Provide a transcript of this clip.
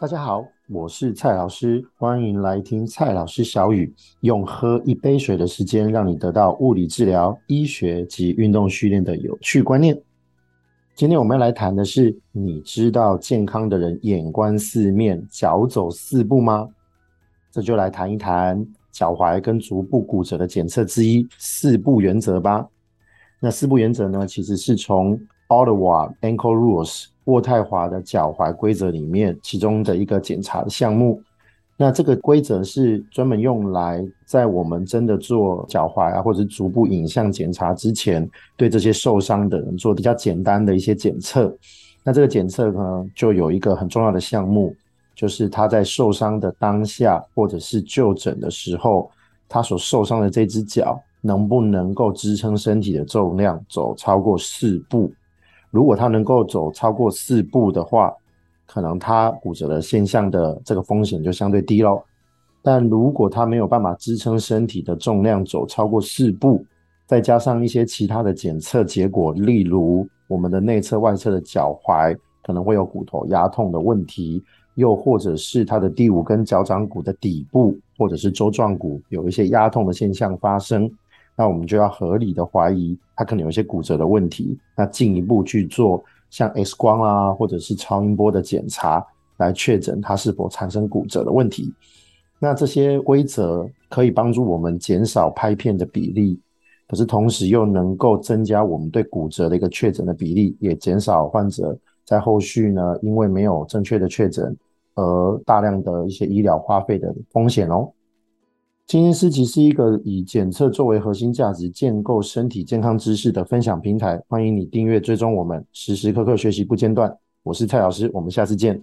大家好，我是蔡老師，歡迎來聽蔡老師小語，用喝一杯水的時間，讓你得到物理治療、醫學及運動訓練的有趣觀念。今天我們要來談的是，你知道健康的人眼觀四面，腳走四步嗎？這就來談一談腳踝跟足部骨折的檢測之一——四步原則吧。那四步原則呢，其實是從 Ottawa Ankle Rules。渥太華的腳踝規則裡面，其中的一個檢查的項目。那這個規則是專門用來在我們真的做腳踝啊，或者是足部影像檢查之前，對這些受傷的人做比較簡單的一些檢測。那這個檢測呢，就有一個很重要的項目，就是他在受傷的當下，或者是就診的時候，他所受傷的這隻腳能不能夠支撐身體的重量，走超過四步。如果他能夠走超過四步的話，可能他骨折的現象的這個風險就相對低嘍。但如果他沒有辦法支撐身體的重量走超過四步，再加上一些其他的檢測結果，例如我們的內側、外側的腳踝可能會有骨頭壓痛的問題，又或者是他的第五根腳掌骨的底部或者是舟狀骨有一些壓痛的現象發生。那我們就要合理的懷疑他可能有一些骨折的問題，那進一步去做像 X 光啊，或者是超音波的檢查，來確診他是否產生骨折的問題。那這些規則可以幫助我們減少拍片的比例，可是同時又能夠增加我們對骨折的一個確診的比例，也減少患者在後續呢，因為沒有正確的確診而大量的一些醫療花費的風險哦。健先思齊是一個以檢測作為核心價值，建構身體健康知識的分享平台。歡迎你訂閱、追蹤我們，時時刻刻學習不間斷。我是蔡老師，我們下次見。